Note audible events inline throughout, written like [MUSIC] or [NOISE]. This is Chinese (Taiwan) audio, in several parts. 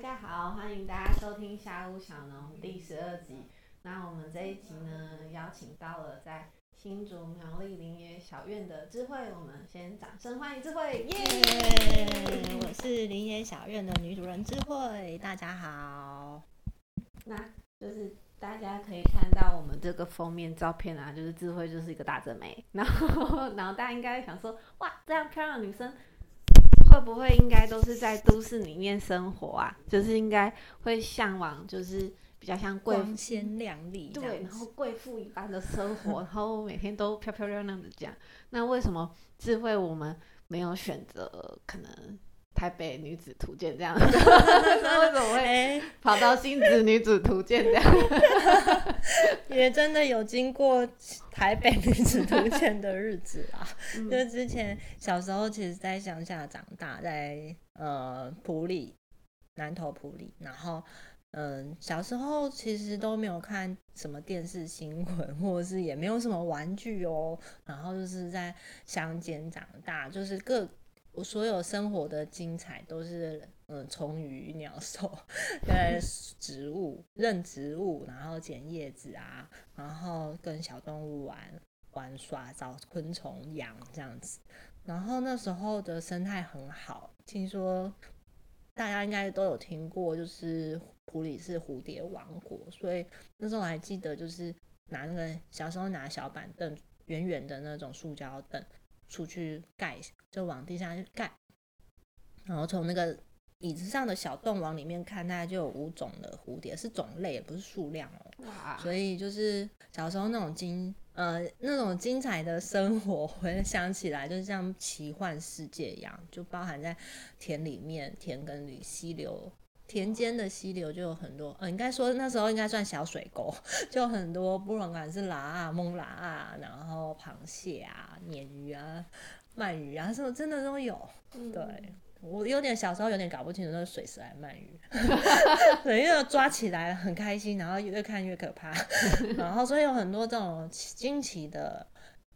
大家好，歡迎大家收聽《下午小農》第十二集。那我們這一集呢，邀請到了在新竹苗栗林也小院的致蕙。我們先掌聲歡迎致蕙耶！Yeah! Yeah, 我是林也小院的女主人致蕙，大家好。那就是大家可以看到我們這個封面照片啊，就是致蕙就是一個大正妹，然後然後大家應該想說，哇，這樣漂亮的女生。會不會應該都是在都市裡面生活啊？就是應該會嚮往，就是比較像貴光鮮亮麗，啊，對，然後貴婦一般的生活， [LAUGHS] 然後每天都漂漂亮亮的這樣。那為什麼致蕙我們沒有選擇？可能？台北女子圖鑑這樣，那時候怎麼會跑到新竹女子圖鑑這樣？ [LAUGHS] 也真的有經過台北女子圖鑑的日子啊。 [LAUGHS] 就之前小時候，其實在鄉下長大，在呃埔里、南投埔里，然後嗯、呃，小時候其實都沒有看什麼電視新聞，或者是也沒有什麼玩具哦。然後就是在鄉間長大，就是各。我所有生活的精彩都是，嗯，蟲魚鳥獸跟、嗯、植物認植物，然後撿葉子啊，然後跟小動物玩玩耍，找昆蟲養這樣子。然後那時候的生態很好，聽說大家應該都有聽過，就是埔里是蝴蝶王國，所以那時候我還記得，就是拿那個小時候拿小板凳，圓圓的那種塑膠凳。出去蓋一下，就往地下去蓋，然後從那個椅子上的小洞往裡面看，大概就有五種的蝴蝶，是種類，也不是數量哦、喔。哇！所以就是小時候那種精，呃，那種精彩的生活，回想起來就是像奇幻世界一樣，就包含在田裡面、田埂裡、溪流。田間的溪流就有很多，嗯、呃，應該說那時候應該算小水溝，就很多，不管是螺啊、蒙螺啊，然後螃蟹啊、鯰魚啊、鰻魚啊，什麼、啊、真的都有。嗯、對，我有點小時候有點搞不清楚是水蛇還是鰻魚， [LAUGHS] [LAUGHS] 因為抓起來很開心，然後越看越可怕， [LAUGHS] 然後所以有很多這種驚奇的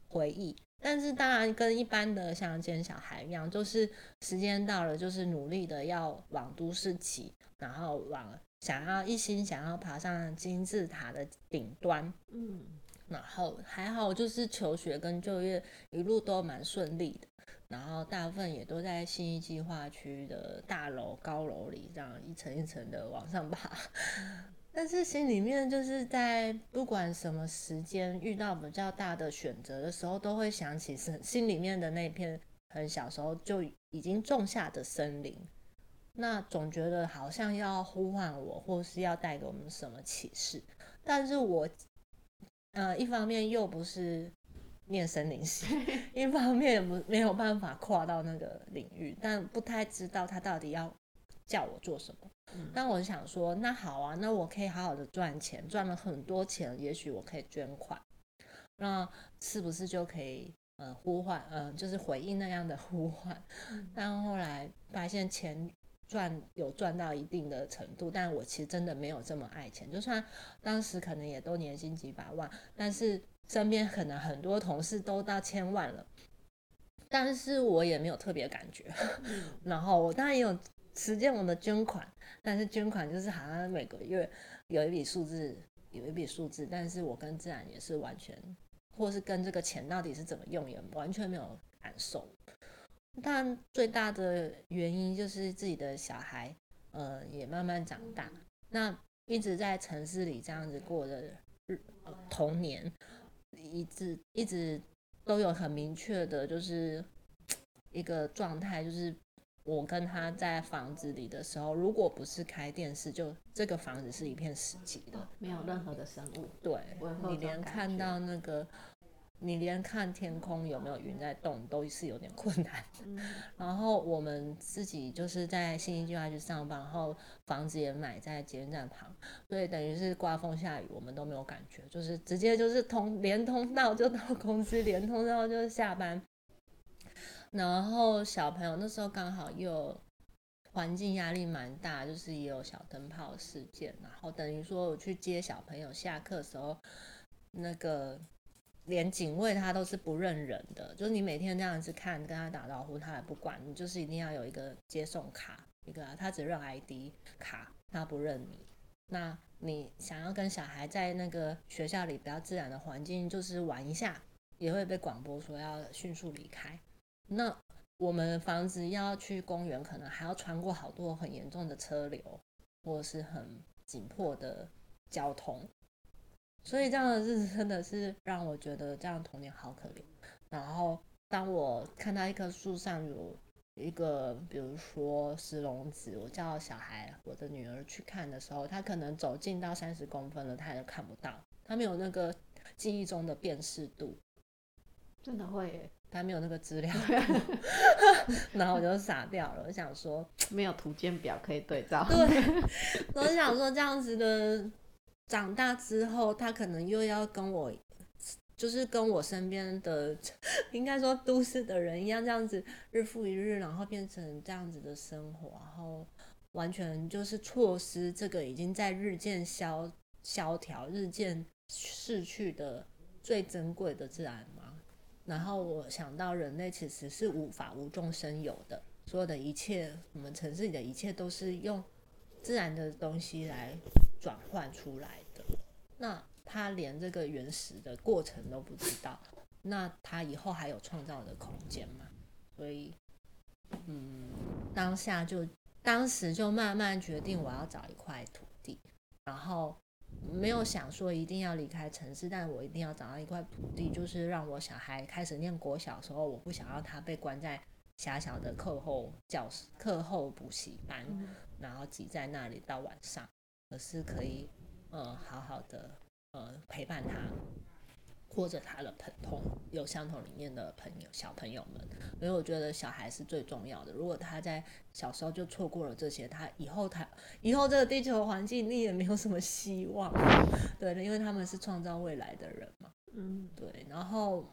回憶。但是當然跟一般的像今天小孩一樣，就是時間到了，就是努力的要往都市擠。然後往想要一心想要爬上金字塔的頂端，嗯，然後還好，就是求學跟就業一路都蠻順利的，然後大部分也都在信義計劃區的大樓高樓裡，這樣一層一層的往上爬。但是心裡面就是在不管什麼時間遇到比較大的選擇的時候，都會想起心心裡面的那片很小時候就已經種下的森林。那總覺得好像要呼喚我，或是要帶給我們什麼啟示，但是我，呃，一方面又不是念森林系，一方面不沒有辦法跨到那個領域，但不太知道他到底要叫我做什麼？嗯、但我想說，那好啊，那我可以好好的賺錢，賺了很多錢，也許我可以捐款，那是不是就可以呃呼喚，嗯、呃，就是回應那樣的呼喚？但後來發現錢。賺有賺到一定的程度，但我其實真的沒有這麼愛錢。就算當時可能也都年薪幾百萬，但是身邊可能很多同事都到千萬了，但是我也沒有特別感覺。嗯、然後我當然也有實踐我的捐款，但是捐款就是好像每個月有一筆數字，有一筆數字，但是我跟自然也是完全，或是跟這個錢到底是怎麼用，也完全沒有感受。但最大的原因就是自己的小孩，呃，也慢慢長大。那一直在城市裡這樣子過的童年，一直一直都有很明確的，就是一個狀態，就是我跟他在房子裡的時候，如果不是開電視，就這個房子是一片死寂的，哦，沒有任何的生物。對，你連看到那個。你連看天空有沒有雲在動都是有點困難。然後我們自己就是在信義計畫區去上班，然後房子也買在捷運站旁，所以等於是颳風下雨我們都沒有感覺，就是直接就是通連通道就到公司，連通道就下班。然後小朋友那時候剛好又環境壓力蠻大，就是也有小燈泡事件，然後等於說我去接小朋友下課的時候那個。連警衛他都是不認人的，就是你每天這樣子看跟他打招呼，他也不管你，就是一定要有一個接送卡，一個、啊、他只認 ID 卡，他不認你。那你想要跟小孩在那個學校裡比較自然的環境，就是玩一下，也會被廣播說要迅速離開。那我們房子要去公園，可能還要穿過好多很嚴重的車流，或者是很緊迫的交通。所以這樣的日子真的是讓我覺得這樣的童年好可憐。然後當我看到一棵樹上有一個，比如說石龍子，我叫小孩，我的女兒去看的時候，她可能走近到三十公分了，她也看不到，她沒有那個記憶中的辨識度，真的會，她沒有那個資料， [LAUGHS] [LAUGHS] 然後我就傻掉了，我想說沒有圖鑑表可以對照，對，我想說這樣子的。長大之後，他可能又要跟我，就是跟我身邊的，應該說都市的人一樣，這樣子日復一日，然後變成這樣子的生活，然後完全就是錯失這個已經在日漸蕭蕭條、日漸逝去的最珍貴的自然嘛。然後我想到，人類其實是無法無中生有的，所有的一切，我們城市裡的一切都是用。自然的東西來轉換出來的，那他連這個原始的過程都不知道，那他以後還有創造的空間嗎？所以，嗯，當下就當時就慢慢決定，我要找一塊土地，然後沒有想說一定要離開城市，嗯、但我一定要找到一塊土地，就是讓我小孩開始念國小時候，我不想要他被關在狹小的課後教室、課後補習班。嗯然後擠在那裡到晚上，而是可以，呃，好好的，呃，陪伴他，或者他的朋通有相同理念的朋友小朋友們。所以我覺得小孩是最重要的。如果他在小時候就錯過了這些，他以後他以後這個地球環境你也沒有什麼希望，對，因為他們是創造未來的人嘛。嗯，對，然後。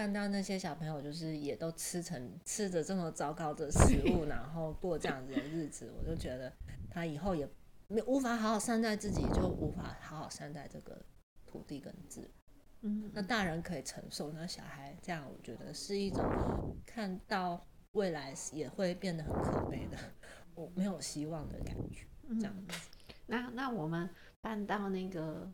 看到那些小朋友，就是也都吃成吃着這麼糟糕的食物，然後過這樣子的日子，我就覺得他以後也沒無法好好善待自己，就無法好好善待這個土地跟自然。嗯，那大人可以承受，那小孩這樣，我覺得是一種看到未來也會變得很可悲的，我沒有希望的感覺。這樣子，嗯、那那我們搬到那個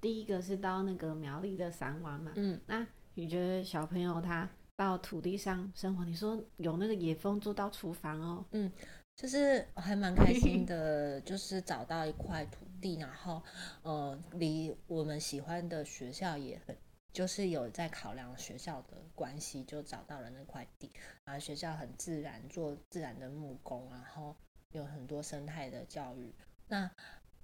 第一個是到那個苗栗的三灣嘛，嗯，那。你覺得小朋友他到土地上生活，你說有那個野蜂住到廚房哦？嗯，就是還蠻開心的， [LAUGHS] 就是找到一塊土地，然後呃，離我們喜歡的學校也很，就是有在考量學校的關係，就找到了那塊地。然後學校很自然，做自然的木工，然後有很多生態的教育。那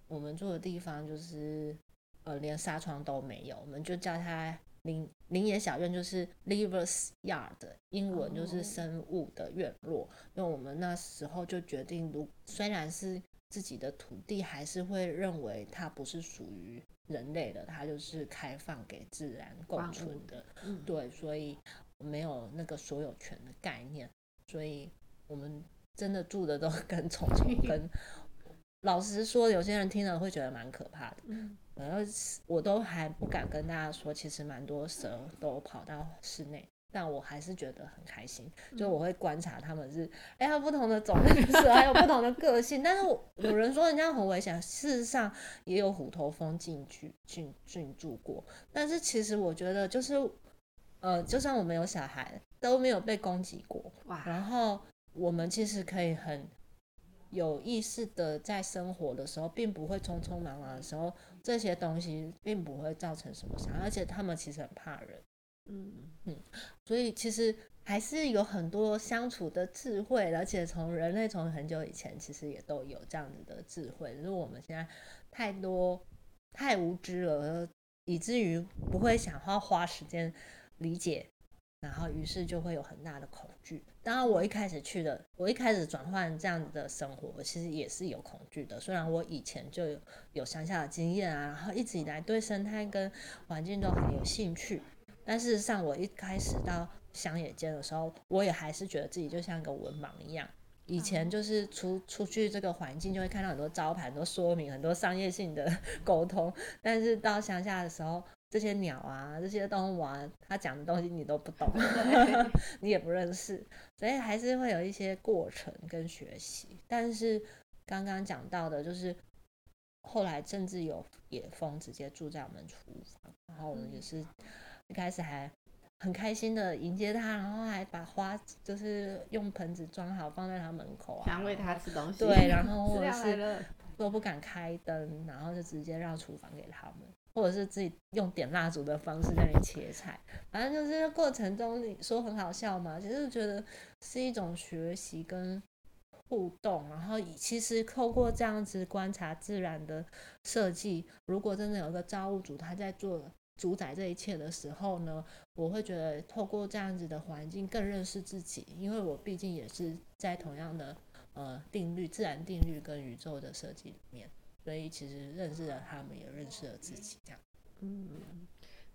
我們住的地方就是呃，連紗窗都沒有，我們就叫他。林林也小院就是 Lives Yard，英文就是生物的院落。那、oh. 我們那時候就決定如，如雖然是自己的土地，還是會認為它不是屬於人類的，它就是開放給自然共存的。物對，所以沒有那個所有權的概念，所以我們真的住的都跟蟲蟲跟。 [LAUGHS] 老實說，有些人聽了會覺得蠻可怕的。嗯，然後我都還不敢跟大家說，其實蠻多蛇都跑到室內，但我還是覺得很開心。就我會觀察它們是，哎、嗯，呀、欸、不同的種類的蛇 [LAUGHS] 還有不同的個性。但是有人說人家很危險， [LAUGHS] 事實上也有虎頭蜂進去進進駐過。但是其實我覺得就是，呃，就算我們有小孩都沒有被攻擊過。哇，然後我們其實可以很。有意識的在生活的時候，並不會匆匆忙忙的時候，這些東西並不會造成什麼傷，而且他們其實很怕人，嗯嗯，所以其實還是有很多相處的智慧，而且從人類從很久以前其實也都有這樣子的智慧，如果我們現在太多太無知了，以至於不會想花花時間理解。然後，於是就會有很大的恐懼。當然，我一開始去的，我一開始轉換這樣子的生活，我其實也是有恐懼的。雖然我以前就有有鄉下的經驗啊，然後一直以來對生態跟環境都很有興趣，但事實上，我一開始到鄉野間的時候，我也還是覺得自己就像個文盲一樣。以前就是出出去這個環境，就會看到很多招牌、很多說明、很多商業性的溝通，但是到鄉下的時候。這些鳥啊，這些動物啊，它講的東西你都不懂， [LAUGHS] [LAUGHS] 你也不認識，所以還是會有一些過程跟學習。但是剛剛講到的，就是後來甚至有野蜂直接住在我們廚房，然後我們也是一開始還很開心的迎接他，然後還把花就是用盆子裝好放在他門口啊，想餵他吃東西，對，然後或者是都不敢開燈，然後就直接讓廚房給他們。或者是自己用點蠟燭的方式在切菜，反正就是過程中你說很好笑嘛，其實覺得是一種學習跟互動。然後以其實透過這樣子觀察自然的設計，如果真的有一個造物主他在做主宰這一切的時候呢，我會覺得透過這樣子的環境更認識自己，因為我畢竟也是在同樣的呃定律，自然定律跟宇宙的設計裡面。所以其實認識了他們，也認識了自己，這樣。嗯，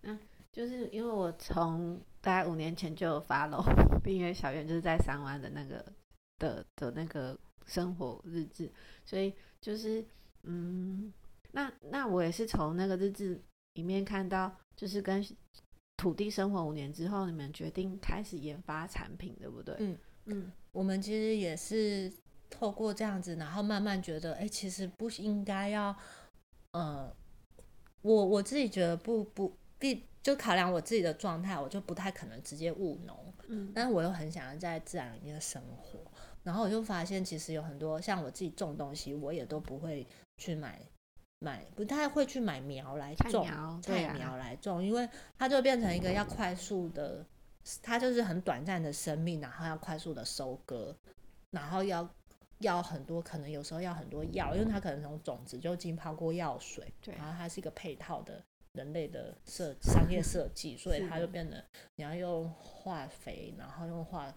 那就是因為我從大概五年前就有 follow 訂閱小院，就是在三灣的那個的的那個生活日誌，所以就是嗯，那那我也是從那個日誌裡面看到，就是跟土地生活五年之後，你們決定開始研發產品，對不對？嗯嗯，嗯，我們其實也是。透過這樣子，然後慢慢覺得，哎，欸，其實不應該要，呃，我我自己覺得不不必就考量，我自己的狀態，我就不太可能直接務農。嗯，但是我又很想要在自然裡面生活，然後我就發現，其實有很多像我自己種東西，我也都不會去買買，不太會去買苗來種菜苗，啊，菜苗來種，因為它就變成一個要快速的，它就是很短暫的生命，然後要快速的收割，然後要。要很多，可能有時候要很多藥，因為它可能從種子就浸泡過藥水，對然後它是一個配套的人類的設商業設計，所以它就變得的你要用化肥，然後用化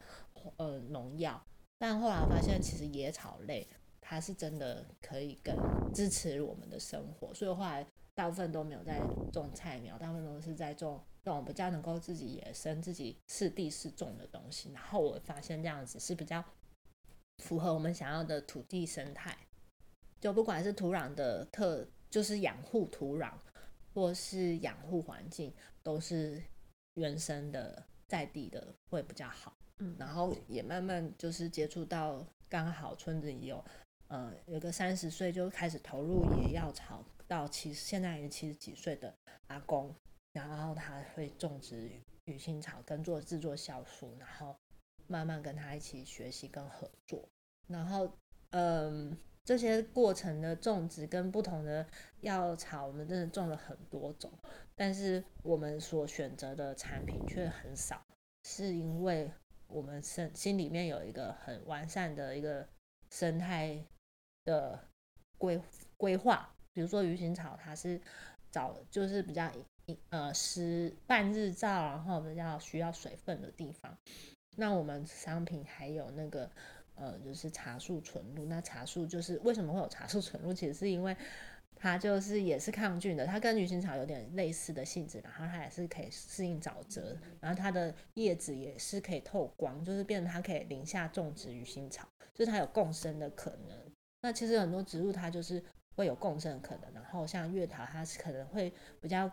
呃農藥。但後來發現，其實野草類它是真的可以更支持我們的生活，所以後來大部分都沒有在種菜苗，大部分都是在種那種比較能夠自己野生、自己適地適種的東西。然後我發現這樣子是比較。符合我們想要的土地生態，就不管是土壤的特，就是養護土壤，或是養護環境，都是原生的在地的會比較好。嗯，然後也慢慢就是接觸到，剛好村子裡有，呃，有個三十歲就開始投入野藥草，到七十現在已經七十幾歲的阿公，然後他會種植魚、魚腥草，跟做制作酵素，然後。慢慢跟他一起學習跟合作，然後，嗯、呃，這些過程的種植跟不同的藥草，我們真的種了很多種，但是我們所選擇的產品卻很少，是因為我們身心裡面有一個很完善的一個生態的規規劃，比如說魚腥草，它是找就是比較呃濕半日照，然後比較需要水分的地方。那我們商品還有那個，呃，就是茶樹純露。那茶樹就是為什麼會有茶樹純露？其實是因為它就是也是抗菌的，它跟魚腥草有點類似的性質。然後它也是可以適應沼澤，然後它的葉子也是可以透光，就是變成它可以林下種植魚腥草，就是它有共生的可能。那其實很多植物它就是會有共生的可能。然後像月桃，它是可能會比較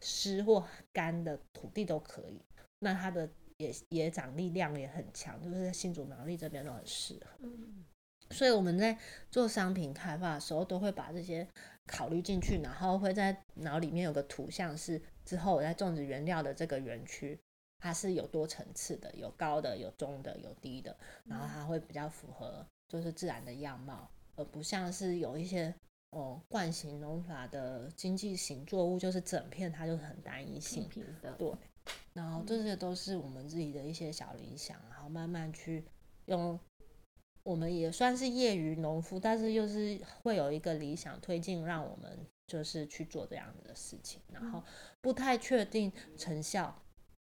濕或乾的土地都可以。那它的。也也長力量也很強，就是在新竹苗栗這邊都很適合。嗯，所以我們在做商品開發的時候，都會把這些考慮進去，然後會在腦裡面有個圖像是，之後我在種植原料的這個園區，它是有多層次的，有高的，有中的，有低的，然後它會比較符合就是自然的樣貌，而不像是有一些哦慣行農法的經濟型作物，就是整片它就是很單一性平，平的，對。然後這些都是我們自己的一些小理想，然後慢慢去用。我們也算是業餘農夫，但是又是會有一個理想推進，讓我們就是去做這樣子的事情。然後不太確定成效，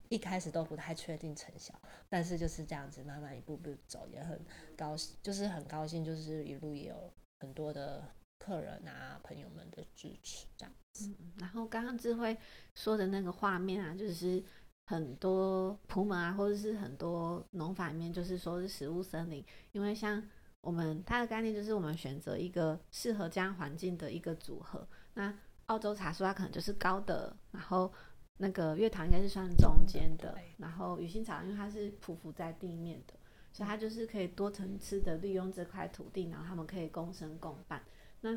一開始都不太確定成效，但是就是這樣子，慢慢一步步走，也很高興，就是很高興，就是一路也有很多的。客人啊，朋友們的支持這樣子，嗯。然後剛剛致蕙說的那個畫面啊，就是很多樸門啊，或者是很多農法裡面，就是說是食物森林。因為像我們它的概念，就是我們選擇一個適合這樣環境的一個組合。那澳洲茶樹它可能就是高的，然後那個月桃應該是算中間的，的然後魚腥草因為它是匍匐在地面的，所以它就是可以多層次的利用這塊土地，然後他們可以共生共伴。那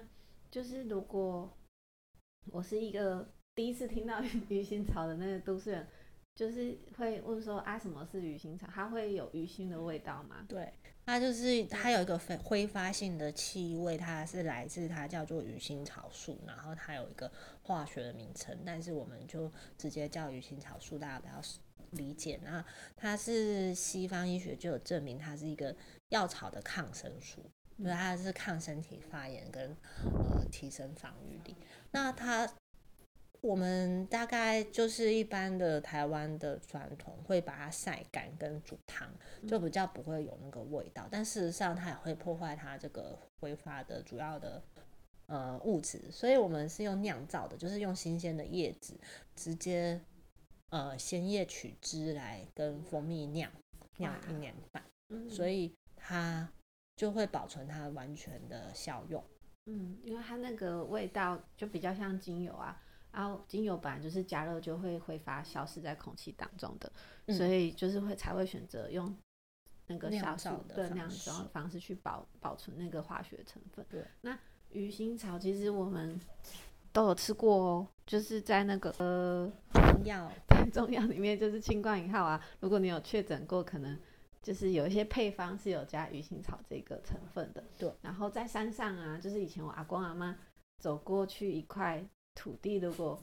就是如果我是一個第一次聽到魚腥草的那個都市人，就是會問說啊，什麼是魚腥草？它會有魚腥的味道嗎？對，它就是它有一個非揮發性的氣味，它是來自它叫做魚腥草素，然後它有一個化學的名稱，但是我們就直接叫魚腥草素，大家比較理解。那它是西方醫學就有證明，它是一個藥草的抗生素。因為它是抗身體發炎跟呃提升防禦力，那它我們大概就是一般的台灣的傳統會把它曬乾跟煮湯，就比較不會有那個味道，但事實上它也會破壞它這個揮發的主要的呃物質，所以我們是用釀造的，就是用新鮮的葉子直接呃鮮葉取汁來跟蜂蜜釀釀一年半，所以它。就會保存它完全的效用。嗯，因為它那個味道就比較像精油啊，然、啊、後精油本來就是加熱就會揮發消失在空氣當中的，嗯、所以就是會才會選擇用那個小小的那種方式去保保存那個化學成分。對，那魚腥草其實我們都有吃過哦，就是在那個呃中藥，中藥裡面就是清冠一號啊，如果你有確診過，可能。就是有一些配方是有加魚腥草這個成分的，對。然後在山上啊，就是以前我阿公阿媽走過去一塊土地，如果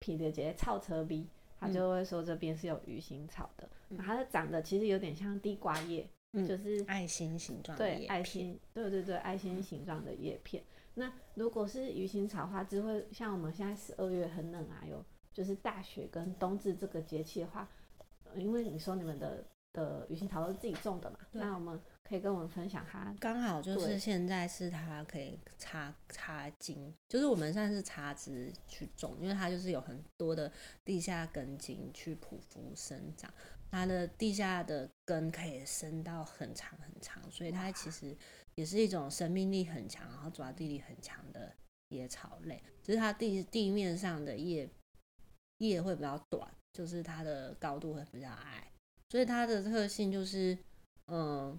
撇着撇草車邊，嗯、他就會說這邊是有魚腥草的。那、嗯、它長得其實有點像地瓜葉，嗯、就是愛心形狀的葉片。對，愛心，對對對，愛心形狀的葉片。嗯、那如果是魚腥草的話，只會像我們現在十二月很冷啊，有就是大雪跟冬至這個節氣的話，呃、因為你說你們的。的魚腥草都是自己種的嘛？對那我們可以跟我們分享哈。剛好就是現在是它可以插對插莖，就是我們算是插枝去種，因為它就是有很多的地下根莖去匍匐生長。它的地下的根可以伸到很長很長，所以它其實也是一種生命力很強，然後抓地力很強的野草類。只是它地地面上的葉葉會比較短，就是它的高度會比較矮。所以它的特性就是，嗯，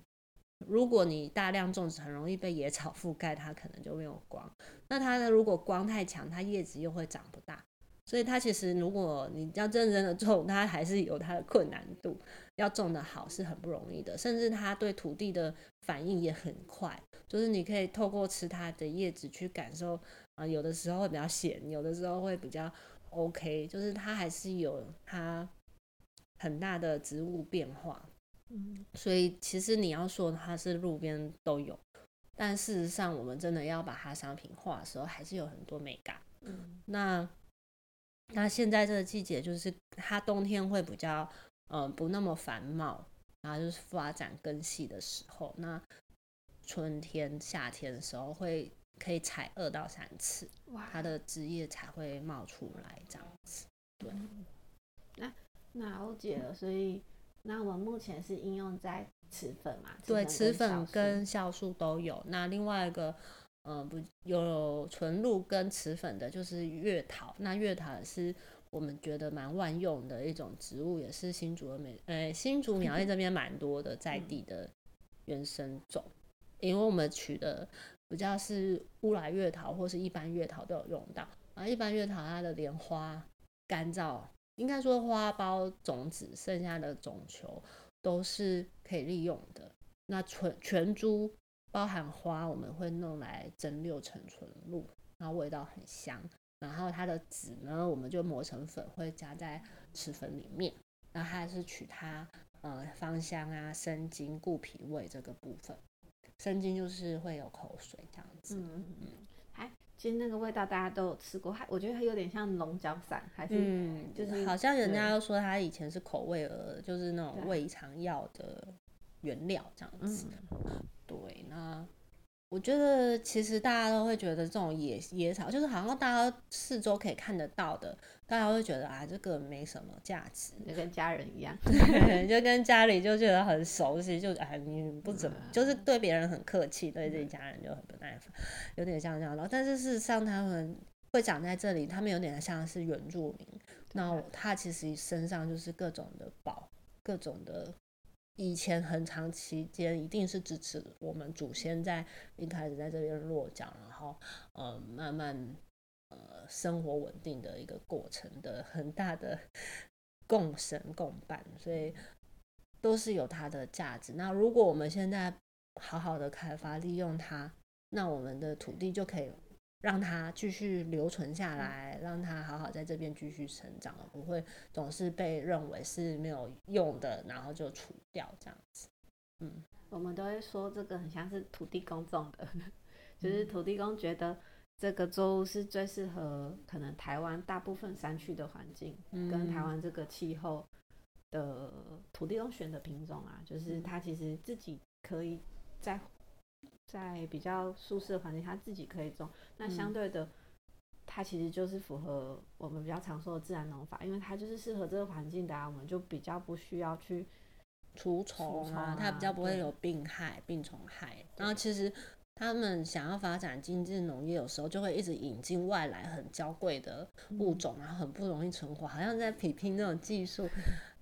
如果你大量種植，很容易被野草覆蓋，它可能就沒有光。那它的如果光太強，它葉子又會長不大。所以它其實如果你要認真的種，它還是有它的困難度，要種得好是很不容易的。甚至它對土地的反應也很快，就是你可以透過吃它的葉子去感受，啊、呃，有的時候會比較鹹，有的時候會比較 OK，就是它還是有它。很大的植物變化，嗯，所以其實你要說它是路邊都有，但事實上我們真的要把它商品化的時候，還是有很多美感，嗯，那那現在這個季節就是它冬天會比較，嗯，呃，不那麼繁茂，然後就是發展根系的時候，那春天夏天的時候會可以採二到三次，它哇的枝葉才會冒出來這樣子，對，嗯啊那了解了，所以那我們目前是應用在齒粉嘛？粉，對，齒粉跟酵素都有。那另外一個，呃，不有純露跟齒粉的，就是月桃。那月桃是我們覺得蠻萬用的一種植物，也是新竹的美，哎、欸，新竹苗栗這邊蠻多的在地的原生種。嗯、因為我們取的比較是烏來月桃或是一般月桃都有用到。啊，一般月桃它的蓮花乾燥。應該說花苞、種子、剩下的種球都是可以利用的。那純，全株包含花，我們會弄來蒸餾成純露，那味道很香。然後它的籽呢，我們就磨成粉，會加在齒粉裡面。然後它還是取它呃芳香啊、生津固脾胃這個部分，生津就是會有口水這樣子。嗯。其實那個味道大家都有吃過，它，我覺得它有點像龍角散，還是、就是、嗯，就是好像人家都說它以前是口味呃，對就是那種胃腸藥的原料這樣子。對，對，那我覺得其實大家都會覺得這種野野草，就是好像大家四周可以看得到的。大家會覺得啊，這個沒什麼價值，就跟家人一樣，對， [LAUGHS] [LAUGHS] 就跟家裡就覺得很熟悉，就哎、啊，你不怎麼，嗯、就是對別人很客氣，對自己家人就很不耐煩，嗯、有點像這樣。但是事實上，他們會長在這裡，他們有點像是原住民。那對他其實身上就是各種的寶，各種的，以前很長期間一定是支持我們祖先在一開始在這邊落腳，然後呃、嗯，慢慢。呃，生活穩定的一個過程的很大的共生共伴，所以都是有它的價值。那如果我們現在好好的開發利用它，那我們的土地就可以讓它繼續留存下來，讓它好好在這邊繼續成長，而不會總是被認為是沒有用的，然後就除掉這樣子。嗯，我們都會說這個很像是土地公種的，就是土地公覺得。這個州是最適合可能台灣大部分山區的環境，嗯、跟台灣這個氣候的土地中選的品種啊，就是它其實自己可以在在比較舒適的環境，它自己可以種。那相對的，嗯、它其實就是符合我們比較常說的自然農法，因為它就是適合這個環境的啊，我們就比較不需要去除蟲啊，蟲啊它比較不會有病害，對病蟲害。然後其實。他們想要發展精緻農業，有時候就會一直引進外來很嬌貴的物種，然後很不容易存活，好像在比拼那種技術，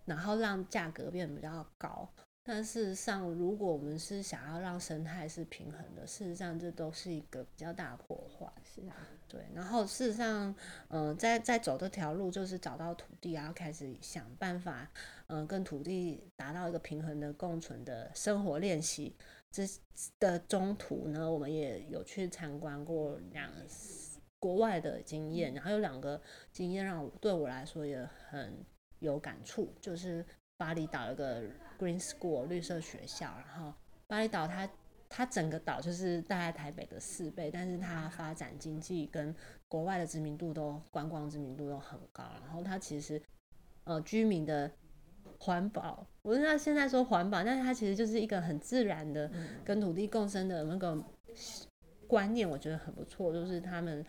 然後讓價格變得比較高。但事實上，如果我們是想要讓生態是平衡的，事實上這都是一個比較大的破壞。是啊，對。然後事實上，嗯、呃，在在走這條路，就是找到土地，然後開始想辦法，嗯、呃，跟土地達到一個平衡的共存的生活練習。這的中途呢，我們也有去參觀過兩個國外的經驗，然後有兩個經驗讓我，對我來說也很有感觸，就是巴厘島有個 Green School 綠色學校，然後巴厘島它它整個島就是大概台北的四倍，但是它發展經濟跟國外的知名度都，觀光知名度都很高，然後它其實呃居民的。環保，我知道現在說環保，但是它其實就是一個很自然的跟土地共生的那個觀念，我覺得很不錯。就是他們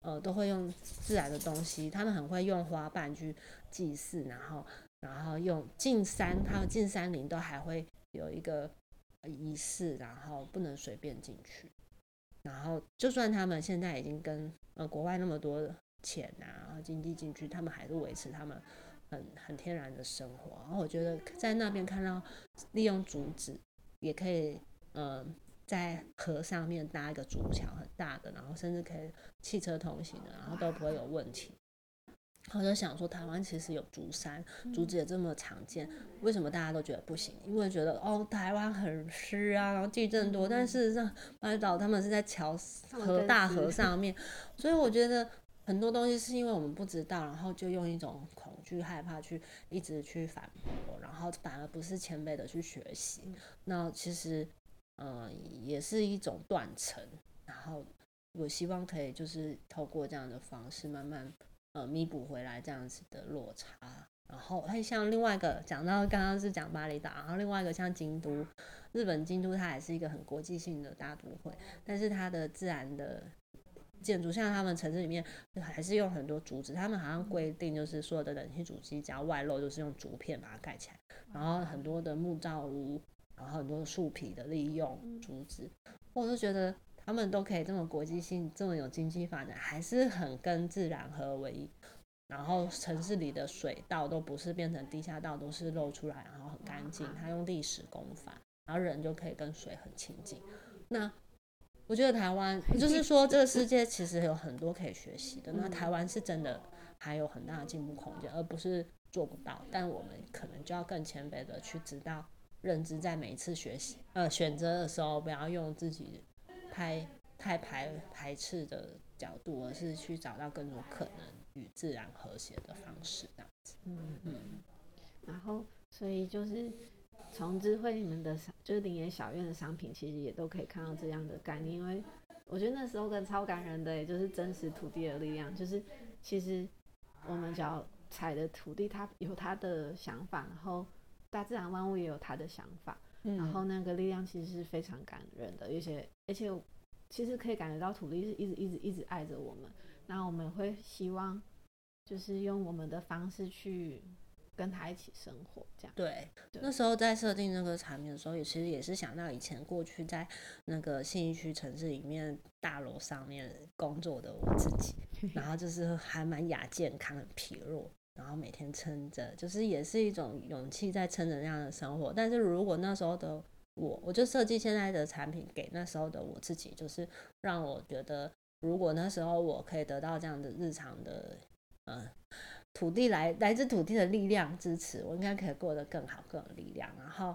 呃都會用自然的東西，他們很會用花瓣去祭祀，然後然後用進山，他們進山林都還會有一個儀式，然後不能隨便進去。然後就算他們現在已經跟呃國外那麼多錢啊，然後經濟進去，他們還是維持他們。很很天然的生活，然後我覺得在那邊看到利用竹子也可以，嗯、呃，在河上面搭一個竹橋，很大的，然後甚至可以汽車通行的，然後都不會有問題。我哇就想說，台灣其實有竹山，竹子也這麼常見，嗯、為什麼大家都覺得不行？因為覺得哦，台灣很濕啊，然後地震多，嗯、但事實上，巴島他們是在橋河大河上面，所以我覺得。很多東西是因為我們不知道，然後就用一種恐懼、害怕去一直去反駁，然後反而不是謙卑的去學習。那其實，嗯、呃，也是一種斷層。然後我希望可以就是透過這樣的方式，慢慢呃彌補回來這樣子的落差。然後像另外一個講到剛剛是講巴厘島，然後另外一個像京都，日本京都它也是一個很國際性的大都會，但是它的自然的。建築像他們城市裡面就還是用很多竹子，他們好像規定就是所有的冷氣主機只要外露就是用竹片把它蓋起來，然後很多的木造屋，然後很多樹皮的利用竹子，我就覺得，他們都可以這麼國際性，這麼有經濟發展，還是很跟自然合而為一，然後城市裡的水道都不是變成地下道，都是露出來，然後很乾淨，他用歷史工法，然後人就可以跟水很親近，那。我覺得台灣就是說，這個世界其實有很多可以學習的。那台灣是真的還有很大的進步空間，而不是做不到。但我們可能就要更謙卑的去知道，認知在每一次學習、呃選擇的時候，不要用自己太太排排斥的角度，而是去找到更多可能與自然和諧的方式，這樣子。嗯嗯。嗯然後，所以就是。從致蕙，你們的商，就是林也小院的商品，其實也都可以看到這樣的概念。因為我覺得那時候跟超感人的，也就是真實土地的力量，就是其實我們腳踩的土地它，它有它的想法，然後大自然萬物也有它的想法，然後那個力量其實是非常感人的。有些而且而且，其實可以感覺到土地是一直一直一直愛着我們。那我們會希望，就是用我們的方式去。跟他一起生活，這樣對。對那時候在設定那個產品的時候，也其實也是想到以前過去在那個信義區城市裡面大樓上面工作的我自己， [LAUGHS] 然後就是還蠻亞健康，很疲弱，然後每天撐着，就是也是一種勇氣在撐着那樣的生活。但是如果那時候的我，我就設計現在的產品給那時候的我自己，就是讓我覺得，如果那時候我可以得到這樣的日常的，嗯。土地來來自土地的力量支持，我應該可以過得更好，更有力量。然後，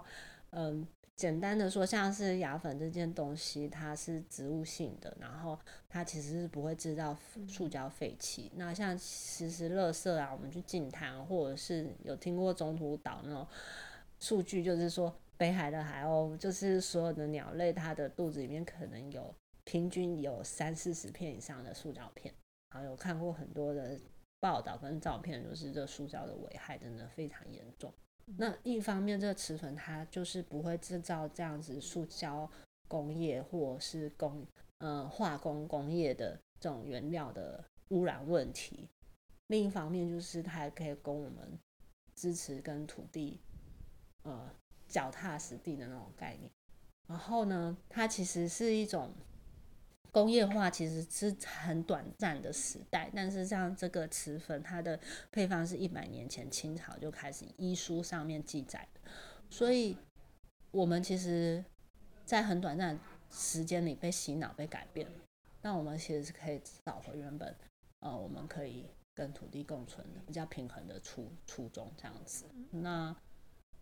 嗯，簡單的說，像是牙粉這件東西，它是植物性的，然後它其實是不會製造塑膠廢棄。嗯、那像其實垃圾啊，我們去淨灘，或者是有聽過中途島那種數據，就是說北海的海鷗，就是所有的鳥類，它的肚子裡面可能有平均有三四十片以上的塑膠片。然後有看過很多的。報道跟照片，就是這塑膠的危害真的非常嚴重。那一方面，這個磁粉它就是不會制造這樣子塑膠工業或是工呃化工工業的這種原料的污染問題；另一方面，就是它還可以供我們支持跟土地呃腳踏實地的那種概念。然後呢，它其實是一種。工業化其實是很短暫的時代，但是像這個齒粉，它的配方是一百年前清朝就開始醫書上面記載的，所以我們其實，在很短暫時間裡被洗腦、被改變，那我們其實是可以找回原本，呃，我們可以跟土地共存的比較平衡的初初衷這樣子。那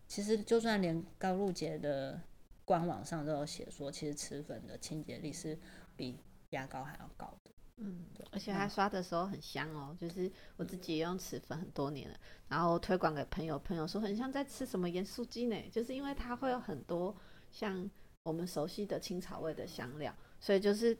其實就算連高露潔的官網上都有寫說，其實齒粉的清潔力是。比牙膏還要高，的嗯，對而且它刷的時候很香哦，嗯、就是我自己也用齒粉很多年了，嗯、然後推廣給朋友，朋友說很像在吃什麼鹽酥雞呢，就是因為它會有很多像我們熟悉的青草味的香料，所以就是。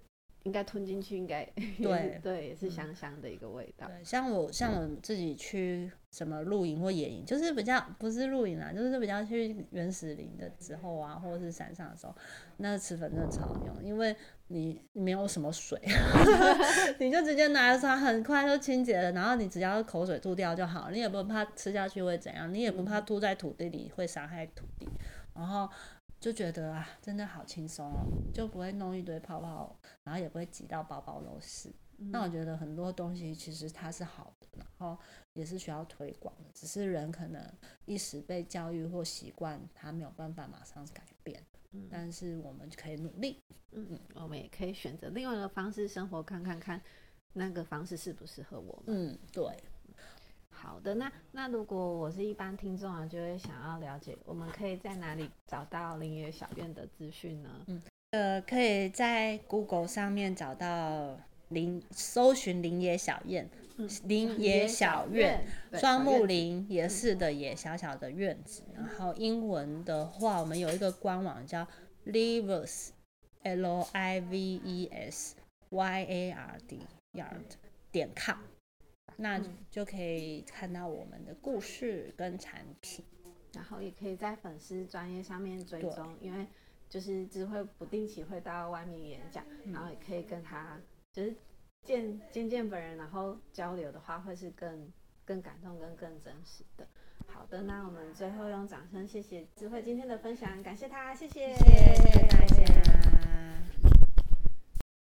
應該吞進去應，應該對 [LAUGHS] 對，也是香香的一個味道。對，像我像我們自己去什麼露營或野營，嗯、就是比較不是露營啦，啊，就是比較去原始林的之後啊，或者是山上的時候，那個齒粉真的超好用，因為你沒有什麼水， [LAUGHS] [LAUGHS] 你就直接拿來刷，很快就清潔了。然後你只要口水吐掉就好，你也不怕吃下去會怎樣，你也不怕吐在土地裡會傷害土地。然後。就覺得啊，真的好輕鬆哦，就不會弄一堆泡泡，然後也不會擠到包包漏水。嗯、那我覺得很多東西其實它是好的，然後也是需要推廣的。只是人可能一時被教育或習慣，他沒有辦法馬上改變。嗯、但是我們就可以努力，嗯，嗯我們也可以選擇另外一個方式生活看看，看看看那個方式適不適合我們。嗯，對。好的，那那如果我是一般聽眾啊，就會想要了解，我們可以在哪裡找到林也小院的資訊呢？嗯，呃，可以在 Google 上面找到林，搜尋林也小院，林也小院，雙木林也是的，也小小的院子。然後英文的話，我們有一個官網叫 Lives L I V E S Y A R D Yard 點 com。那就可以看到我們的故事跟產品，嗯、然後也可以在粉絲專頁上面追蹤，對因為就是致蕙不定期會到外面演講，然後也可以跟他就是見見見本人，然後交流的話會是更更感動跟更真實的。好的，那我們最後用掌聲謝謝致蕙今天的分享，感謝他，謝謝，謝謝大家。